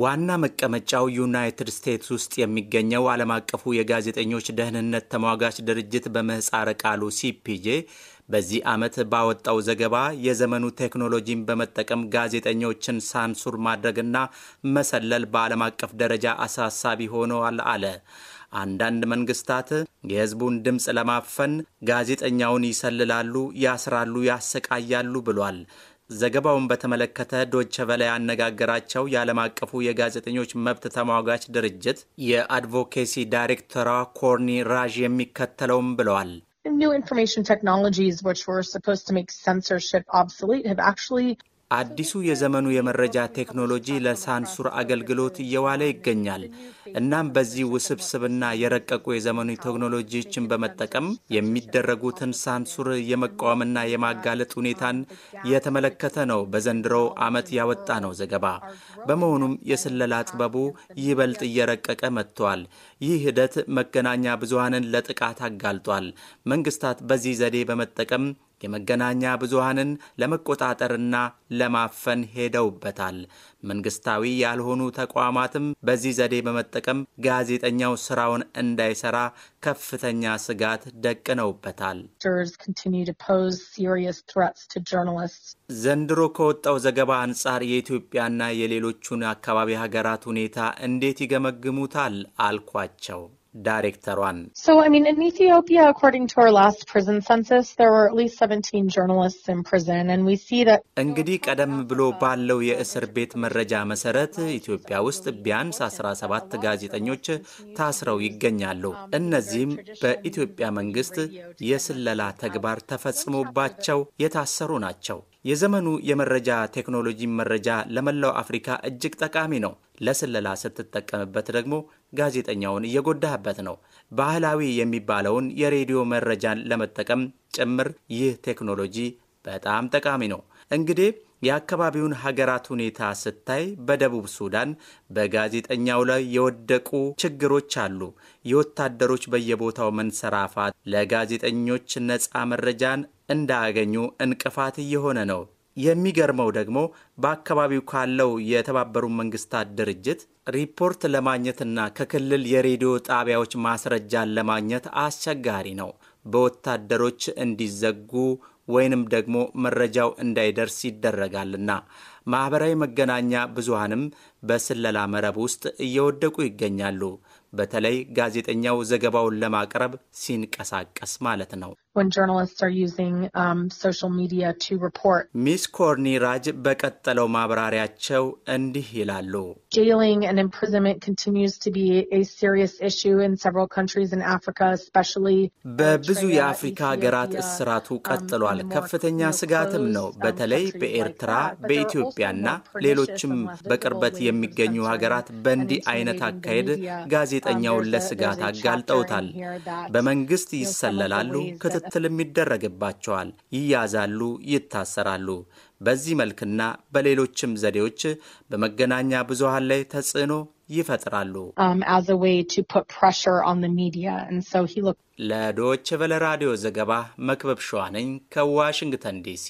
ዋና መቀመጫው ዩናይትድ ስቴትስ ውስጥ የሚገኘው ዓለም አቀፉ የጋዜጠኞች ደህንነት ተሟጋች ድርጅት በምህፃረ ቃሉ ሲፒጄ በዚህ ዓመት ባወጣው ዘገባ የዘመኑ ቴክኖሎጂን በመጠቀም ጋዜጠኞችን ሳንሱር ማድረግና መሰለል በዓለም አቀፍ ደረጃ አሳሳቢ ሆነዋል አለ። አንዳንድ መንግስታት የሕዝቡን ድምፅ ለማፈን ጋዜጠኛውን ይሰልላሉ፣ ያስራሉ፣ ያሰቃያሉ ብሏል። ዘገባውን በተመለከተ ዶቸ ቨለ ያነጋገራቸው የዓለም አቀፉ የጋዜጠኞች መብት ተሟጋች ድርጅት የአድቮኬሲ ዳይሬክተራ ኮርኒ ራዥ የሚከተለውም ብለዋል። ኒው ኢንፎርሜሽን ቴክኖሎጂስ ዊች ወር ሰፖዝድ ቱ ሜክ ሴንሰርሺፕ ኦብሶሊት ሃቭ አክቹዋሊ አዲሱ የዘመኑ የመረጃ ቴክኖሎጂ ለሳንሱር አገልግሎት እየዋለ ይገኛል። እናም በዚህ ውስብስብና የረቀቁ የዘመኑ ቴክኖሎጂዎችን በመጠቀም የሚደረጉትን ሳንሱር የመቃወምና የማጋለጥ ሁኔታን የተመለከተ ነው በዘንድሮ ዓመት ያወጣ ነው ዘገባ። በመሆኑም የስለላ ጥበቡ ይበልጥ እየረቀቀ መጥቷል። ይህ ሂደት መገናኛ ብዙሃንን ለጥቃት አጋልጧል። መንግስታት በዚህ ዘዴ በመጠቀም የመገናኛ ብዙሃንን ለመቆጣጠርና ለማፈን ሄደውበታል። መንግስታዊ ያልሆኑ ተቋማትም በዚህ ዘዴ በመጠቀም ጋዜጠኛው ስራውን እንዳይሰራ ከፍተኛ ስጋት ደቅነውበታል። ዘንድሮ ከወጣው ዘገባ አንጻር የኢትዮጵያና የሌሎቹን አካባቢ ሀገራት ሁኔታ እንዴት ይገመግሙታል? አልኳቸው። ዳይሬክተሯን እንግዲህ ቀደም ብሎ ባለው የእስር ቤት መረጃ መሰረት ኢትዮጵያ ውስጥ ቢያንስ 17 ጋዜጠኞች ታስረው ይገኛሉ። እነዚህም በኢትዮጵያ መንግስት የስለላ ተግባር ተፈጽሞባቸው የታሰሩ ናቸው። የዘመኑ የመረጃ ቴክኖሎጂ መረጃ ለመላው አፍሪካ እጅግ ጠቃሚ ነው። ለስለላ ስትጠቀምበት ደግሞ ጋዜጠኛውን እየጎዳህበት ነው። ባህላዊ የሚባለውን የሬዲዮ መረጃን ለመጠቀም ጭምር ይህ ቴክኖሎጂ በጣም ጠቃሚ ነው። እንግዲህ የአካባቢውን ሀገራት ሁኔታ ስታይ በደቡብ ሱዳን በጋዜጠኛው ላይ የወደቁ ችግሮች አሉ። የወታደሮች በየቦታው መንሰራፋት ለጋዜጠኞች ነፃ መረጃን እንዳያገኙ እንቅፋት እየሆነ ነው። የሚገርመው ደግሞ በአካባቢው ካለው የተባበሩት መንግስታት ድርጅት ሪፖርት ለማግኘትና ከክልል የሬዲዮ ጣቢያዎች ማስረጃን ለማግኘት አስቸጋሪ ነው። በወታደሮች እንዲዘጉ ወይንም ደግሞ መረጃው እንዳይደርስ ይደረጋልና ማኅበራዊ መገናኛ ብዙሃንም በስለላ መረብ ውስጥ እየወደቁ ይገኛሉ። በተለይ ጋዜጠኛው ዘገባውን ለማቅረብ ሲንቀሳቀስ ማለት ነው። when journalists are using um, social media to report. ሚስ ኮርኒ ራጅ በቀጠለው ማብራሪያቸው እንዲህ ይላሉ። Jailing and imprisonment continues to be a serious issue in several countries in Africa, especially በብዙ የአፍሪካ ሀገራት እስራቱ um, ቀጥሏል። ከፍተኛ ስጋትም ነው። um, በተለይ በኤርትራ በኢትዮጵያና ሌሎችም በቅርበት የሚገኙ ሀገራት በእንዲህ አይነት አካሄድ um, ጋዜጠኛውን ለስጋት አጋልጠውታል። በመንግስት ይሰለላሉ ክትትልም ይደረግባቸዋል፣ ይያዛሉ፣ ይታሰራሉ። በዚህ መልክና በሌሎችም ዘዴዎች በመገናኛ ብዙሃን ላይ ተጽዕኖ ይፈጥራሉ። um, ለዶች ቨለ ራዲዮ ዘገባ መክበብ ሸዋነኝ ከዋሽንግተን ዲሲ